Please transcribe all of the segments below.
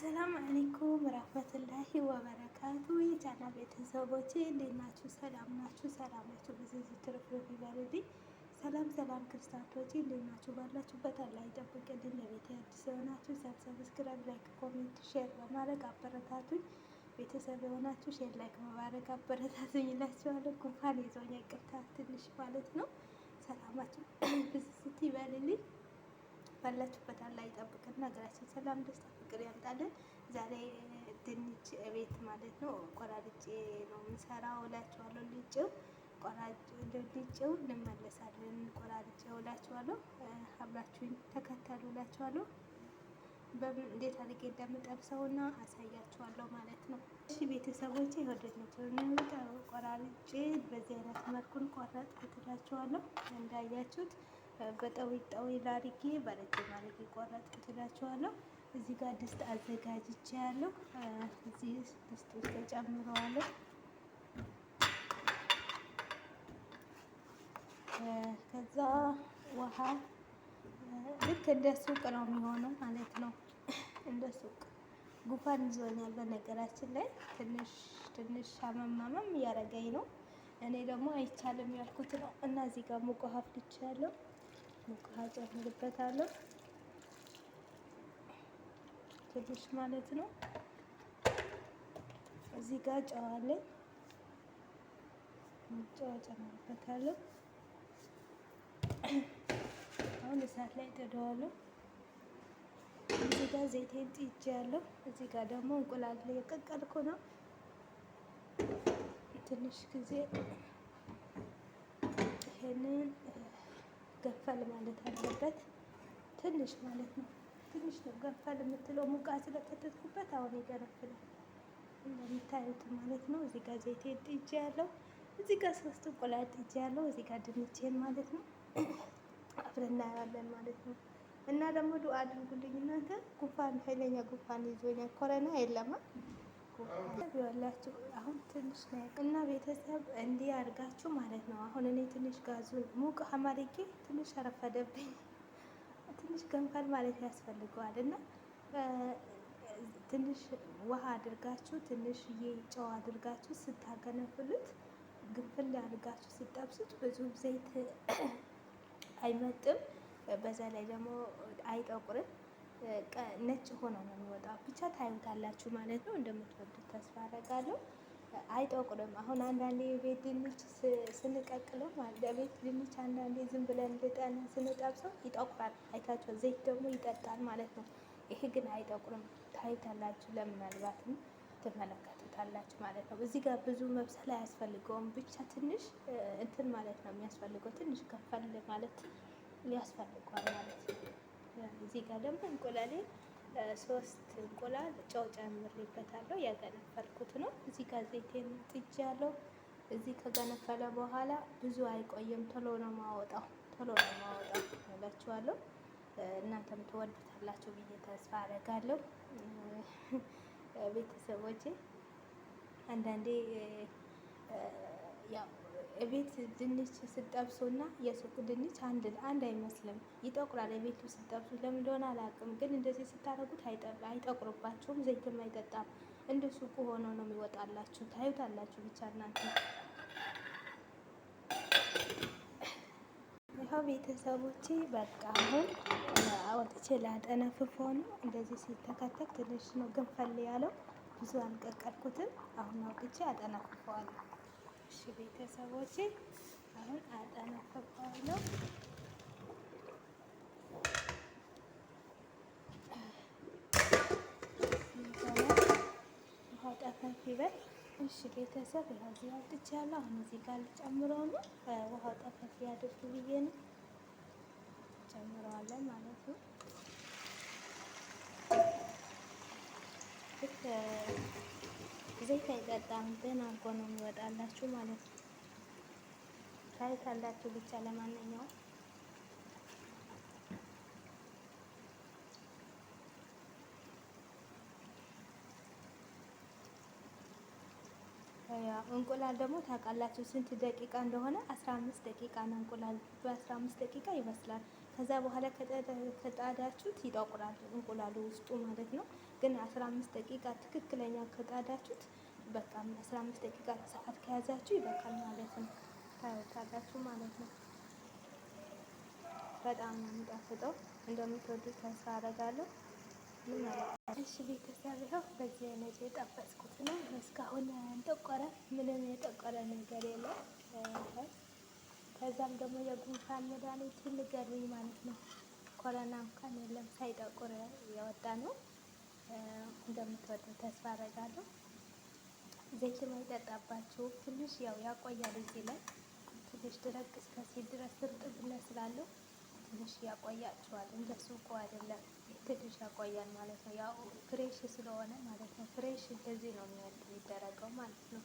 አሰላም አለይኩም ረህመቱላሂ ወበረካቱ የጫና ቤተሰቦቼ እንዴት ናችሁ? ሰላም ናችሁ? ሰላም ናችሁ? ብዙ ትርፍርፍ ይበልልኝ። ሰላም ሰላም ክርስቲያኖቼ እንዴት ናችሁ? ባላችሁበት አላህ ይጠብቅልኝ። ለቤት አዲስ የሆናችሁ ሰብስክራይብ፣ ላይክ፣ ኮሜንት፣ ሼር በማድረግ አበረታቱኝ። ቤተሰብ የሆናችሁ ሼር፣ ላይክ በማድረግ አበረታቱኝ እላችኋለሁ። ጉንፋን ይዞኝ ይቅርታ ትንሽ ማለት ነው። ሰላማችሁ ብዙ ይበልልኝ። ባላችሁበት አላ ይጠብቅና ሀገራችን ሰላም፣ ደስታ፣ ፍቅር ያምጣልን። ዛሬ ድንች ቤት ማለት ነው ቆራርጬ ነው የምሰራው እላችኋለሁ። ልጭው ልጭው እንመለሳለን። ቆራርጬው እላችኋለሁ። አብራችሁኝ ተከተሉ እላችኋለሁ። እንዴት አድርጌ እንደምጠብሰውና አሳያችኋለሁ ማለት ነው። እሺ ቤተሰቦቼ የወደድነው ቆራርጬ በዚህ አይነት መልኩን ቆረጥኩት እላችኋለሁ እንዳያችሁት በጠዊጣዊ ላርጌ በረጅ ማድረግ የቆረጥኩት እላችኋለሁ። እዚህ ጋር ድስት አዘጋጅቼ ያለው እዚህ ድስት ውስጥ ተጨምረዋለሁ። ከዛ ውሃ ልክ እንደ ሱቅ ነው የሚሆነው ማለት ነው። እንደ ሱቅ ጉፋን ይዞኛል። በነገራችን ላይ ትንሽ ትንሽ አመማመም እያረገኝ ነው። እኔ ደግሞ አይቻልም ያልኩት ነው እና እዚህ ጋር ሙቅ ውሃ አፍልቻለሁ። ሙቅ ውሃ ጨምርበታለሁ ትንሽ ማለት ነው። እዚህ ጋር ጨው አለኝ፣ ጨው ጨምርበታለሁ። አሁን እሳት ላይ ጥደዋለሁ። እዚህ ጋር ዘይቴን ጥጄ ያለው እዚህ ጋር ደግሞ እንቁላል የቀቀልኩ ነው። ትንሽ ጊዜ ይሄንን ገፈል ማለት አለበት። ትንሽ ማለት ነው። ትንሽ ነው ገፈል የምትለው ሙቃ ስለከተትኩበት አሁን ይገነፍላል እንደምታዩት ማለት ነው። እዚህ ጋር ዘይቴ ጥጄ ያለው እዚህ ጋር ሶስት እንቁላል ጥጄ ያለው እዚህ ጋር ድንቼን ማለት ነው አብረን እናያለን ማለት ነው። እና ደግሞ ዱአ አድርጉልኝ እናንተ። ጉንፋን ኃይለኛ ጉንፋን ይዞኛል። ኮረና የለማ ያላችሁ አሁን ትንሽ ነው እና ቤተሰብ እንዲህ አድርጋችሁ ማለት ነው። አሁን እኔ ትንሽ ጋዙን ሙቅ አማርጌ ትንሽ አረፈደብኝ። ትንሽ ገንፈል ማለት ያስፈልገዋል እና ትንሽ ውሃ አድርጋችሁ ትንሽዬ ጨው አድርጋችሁ ስታገነፍሉት ግንፍል አድርጋችሁ ስጠብሱት ብዙም ዘይት አይመጥም። በዛ ላይ ደግሞ አይጠቁርም። ነጭ ሆነው ነው የሚወጣው። ብቻ ታዩታላችሁ ማለት ነው። እንደምትወዱት ተስፋ አደርጋለሁ። አይጠቁርም። አሁን አንዳንዴ የቤት ድንች ስንቀቅለው ለቤት ድንች አንዳንዴ ዝም ብለን ልጠን ስንጠብሰው ይጠቁራል። አይታቸው ዘይት ደግሞ ይጠጣል ማለት ነው። ይሄ ግን አይጠቁርም። ታዩታላችሁ ለምናልባትም ትመለከቱታላችሁ ማለት ነው። እዚህ ጋር ብዙ መብሰል አያስፈልገውም። ብቻ ትንሽ እንትን ማለት ነው የሚያስፈልገው ትንሽ ከፈል ማለት ያስፈልገዋል ማለት ነው። እዚህ ጋር ደግሞ እንቁላሌ ሶስት እንቁላል ጨው ጨምሬበታለሁ። ያገነፈልኩት ነው። እዚህ ጋር ዘይቴን ጥጃለሁ። እዚህ ከገነፈለ በኋላ ብዙ አይቆየም፣ ቶሎ ነው ማወጣው፣ ቶሎ ነው ማወጣው እላችኋለሁ። እናንተም ትወዱታላችሁ ብዬ ተስፋ አደርጋለሁ። ቤተሰቦቼ አንዳንዴ ያው ቤት ድንች እና የሱቅ ድንች አንድ አንድ አይመስልም፣ ይጠቁራል። የቤቱ ስጠብሱ ለምን እንደሆነ አላውቅም፣ ግን እንደዚህ ስታደርጉት አይጠቁርባችሁም፣ ዘይትም አይጠጣም። እንደ ሱቁ ሆኖ ነው የሚወጣላችሁ። ታዩታላችሁ ብቻ እናንተ። ይኸው ቤተሰቦቼ በቃ አሁን አወጥቼ ላጠነፍፎ ሆኖ እንደዚህ ሲተከተክ ትንሽ ነው ግንፈል ያለው፣ ብዙ አልቀቀልኩትም። አሁን አውጥቼ አጠነፍፈዋለሁ። እሺ ቤተሰቦቼ አሁን አጠነፍቀዋለሁ። ውሃው ጠፈፍ እሺ ቤተሰብ ያው እዚህ አውጥቻለሁ። አሁን እዚህ ጋር ልጨምረው ነው። ውሃው ጠፈፍ ያድርግ ብዬ ነው ጨምረዋለን ማለት ነው። ዘይት አይጠጣም፣ ደህና እኮ ነው የሚወጣላችሁ ማለት ነው። ሻይ ካላችሁ ብቻ ለማንኛውም እንቁላል ደግሞ ታውቃላችሁ ስንት ደቂቃ እንደሆነ 15 ደቂቃ ነው። እንቁላል በ15 ደቂቃ ይበስላል። ከዛ በኋላ ከጣዳችሁት ይጠቁራል እንቁላሉ ውስጡ ማለት ነው። ግን 15 ደቂቃ ትክክለኛ ከጣዳችሁት በቃ 15 ደቂቃ ሰዓት ከያዛችሁ ይበቃል ማለት ነው። ታወታላችሁ ማለት ነው። በጣም ነው የሚጣፍጠው። እንደምትወዱት ተስፋ አደርጋለሁ። እሺ፣ ቤተሰብ ይኸው በዚህ አይነት የጠበስኩት ነው። እስካሁን ያንጠቆረ ምንም የጠቆረ ነገር የለም። ከዛም ደግሞ የጉንፋን መድኃኒት ንገሩኝ ማለት ነው። ኮረና እንኳን የለም ሳይጠቁር የወጣ ነው። እንደምትወዱት ተስፋ አደርጋለሁ። ዘይት አይጠጣባቸውም። ትንሽ ያው ያቆያል እዚህ ላይ ትንሽ ድረቅ እስከ ሲል ድረስ እርጥብነት ስላለው ትንሽ ያቆያቸዋል። እንደሱ እኮ አይደለም፣ ትንሽ ያቆያል ማለት ነው። ያው ፍሬሽ ስለሆነ ማለት ነው። ፍሬሽ እንደዚህ ነው የሚደረገው ማለት ነው።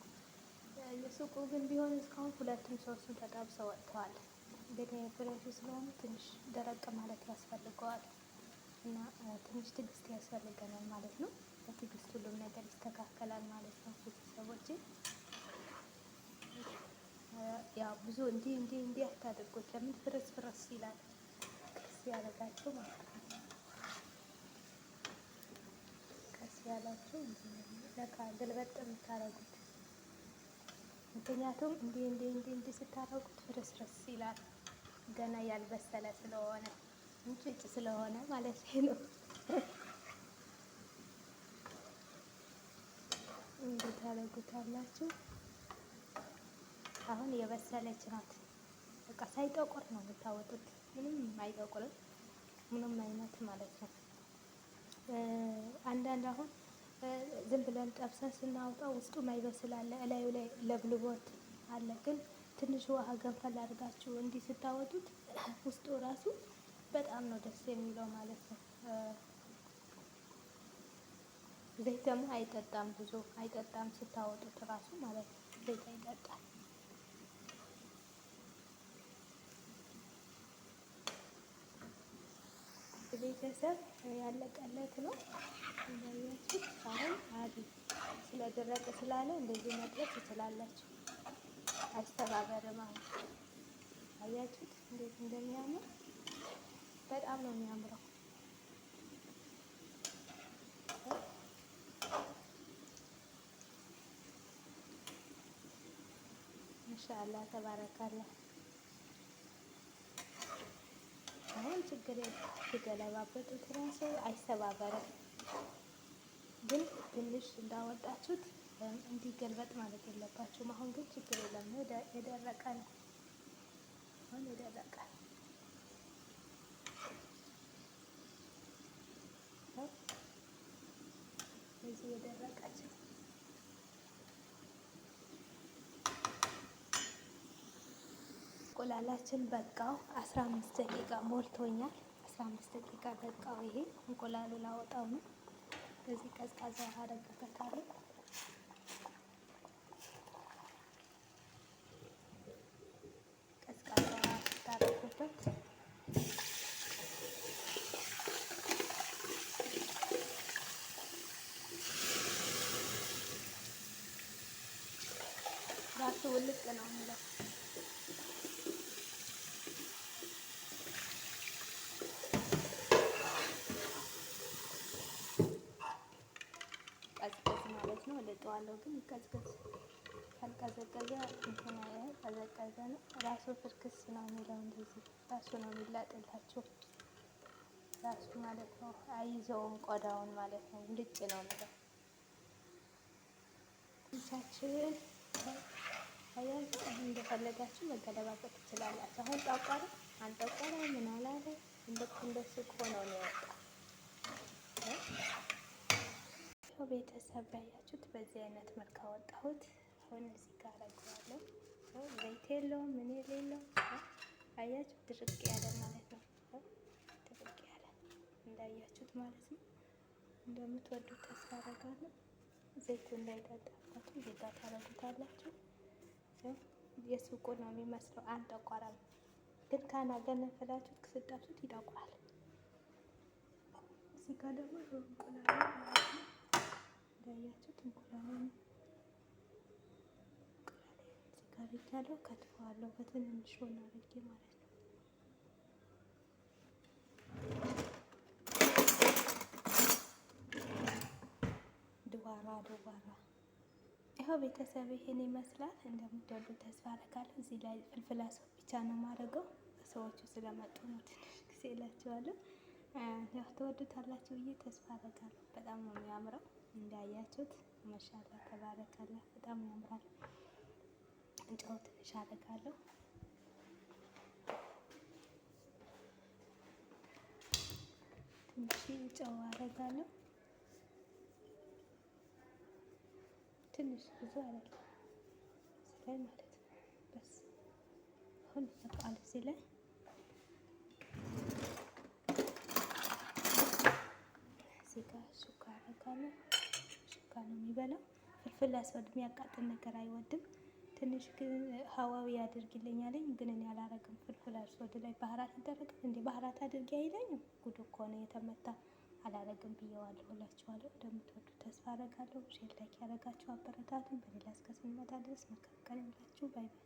የሱቁ ግን ቢሆን እስካሁን ሁለቱም ሶስቱም ተጠብሰው ወጥተዋል። ግን ፍሬሹ ስለሆነ ትንሽ ደረቅ ማለት ያስፈልገዋል እና ትንሽ ትግስት ያስፈልገናል ማለት ነው። በትዕግስት ሁሉም ነገር ይስተካከላል ማለት ነው። ቤተሰቦች ያው ብዙ እንዲህ እንዲህ እንዲህ አታድርጎት፣ ለምን ፍረስ ፍረስ ይላል ቀስ ያለጋቸው ማለት ነው። ቀስ ያላቸው ለካ ገልበጥ የምታረጉት ምክንያቱም እንዲህ እንዲህ እንዲህ እንዲህ ስታደርጉት ፍረስ ፍረስ ይላል ገና ያልበሰለ ስለሆነ እንጭጭ ስለሆነ ማለት ነው። እንዴት ታደርጉታላችሁ። አሁን የበሰለች ናት። በቃ ሳይጠቁር ነው የምታወጡት። ምንም አይጠቁርም፣ ምንም አይነት ማለት ነው። አንዳንድ አሁን ዝም ብለን ጠብሰን ስናወጣው ውስጡ ማይበስል አለ፣ እላዩ ላይ ለብልቦት አለ። ግን ትንሽ ውሃ ገንፈል አድርጋችሁ እንዲህ ስታወጡት ውስጡ ራሱ በጣም ነው ደስ የሚለው ማለት ነው። ዘይት ደግሞ አይጠጣም፣ ብዙ አይጠጣም። ስታወጡት እራሱ ማለት ነው ዘይት አይጠጣም። ቤተሰብ ያለቀለት ነው። እንደያችሁ አሁን አሪፍ ስለደረቀ ስላለ እንደዚህ መጥረት ትችላላችሁ። አይስተባበርም። አሁን አያችሁት እንዴት እንደሚያምር በጣም ነው የሚያምረው። ማሻአላ ተባረካለ። አሁን ችግር ሲገለባበጡት ራሱ አይሰባበርም፣ ግን ትንሽ እንዳወጣችሁት እንዲገልበጥ ማለት የለባችሁም። አሁን ግን ችግር የለም፣ የደረቀ ነው። አሁን የደረቀ እንቁላላችን በቃው። 15 ደቂቃ ሞልቶኛል። 15 ደቂቃ በቃው። ይሄ እንቁላሉ ላወጣው ነው። በዚህ ቀዝቃዛ ውሃ አደርግበታለሁ። ቀዝቃዛ ውሃ ስታደርጉበት ራሱ ውልቅ ነው። እወደዋለሁ፣ ግን ይቀዝቅዝ። ካልቀዘቀዘ እንትን ቀዘቀዘ ነው ራሱ ፍርክስ ነው የሚለው። እንደዚህ ራሱ ነው የሚላጥላቸው ራሱ ማለት ነው። አይዘውም ቆዳውን ማለት ነው። ልጭ ነው የሚለው ሳችን አያዝ እንደፈለጋችሁ መገለባበጥ ትችላላችሁ። አሁን ጠቆረ አልጠቆረ ምን አላለ እንደሱ ከሆነው ነው የወጣው። ሰው ቤተሰብ ያያችሁት በዚህ አይነት መልክ አወጣሁት። አሁን እዚህ ጋር አደርገዋለሁ። ዘይት የለውም ምን የሌለው አያችሁ፣ ድርቅ ያለ ማለት ነው። ድርቅ ያለ እንዳያችሁት ማለት ነው። እንደምትወዱት ተስፋ አደርጋለሁ። ዘይቱ እንዳይጠጣባችሁ እዚህ ጋር ታደርጉታላችሁ። የሱቁ ነው የሚመስለው። አንጠቆረም ግን ካላገነፈላችሁት ክስጣችሁት ይጠቁራል። እዚህ ጋር ደግሞ እንቁላል አድርጊያለሁ። ከትፈዋለሁ በትንንሽ ሆና አድርጌ ማለት ነው። ድዋራ ድዋራ ይኸው ቤተሰብ ይሄን ይመስላል። እንደምትወዱ ተስፋ አደርጋለሁ። እዚህ ላይ ፍልፍል ብቻ ነው የማደርገው። ሰዎቹ ስለመጡ ነው ትንሽ ጊዜ እላቸዋለሁ። ያው ትወዱታላችሁ ብዬ ተስፋ አደርጋለሁ። በጣም ነው የሚያምረው እንዳያችሁት። ማሻአላ ተባረካላ። በጣም ያምራል። ጨው ትንሽ አደርጋለሁ። ትንሽ ጨው አደርጋለሁ። ትንሽ ብዙ አደርጋለሁ ላይ ማለት ነው። በስ አሁን ይበቃል እዚህ ላይ እዚህ ጋር አደርጋለሁ። ነው የሚበላው። ፍልፍል አስወድም ያቃጥል ነገር አይወድም። ትንሽ ግን ሀዋዊ ያደርግልኝ አለኝ። ግን እኔ አላረግም። ፍልፍል አስወድ ላይ ባህራት ይደረጋል እንዴ? ባህራት አድርጊ አይለኝም። ጉድ እኮ ነው የተመታ። አላረግም ብየዋለሁ። ሁላችኋለሁ እንደምትወዱ ተስፋ አረጋለሁ። ሼር ላይክ ያደረጋችሁ አበረታቱን። በሌላ እስከ ስንመጣ ድረስ መካከል ሁላችሁ ባይ ባይ።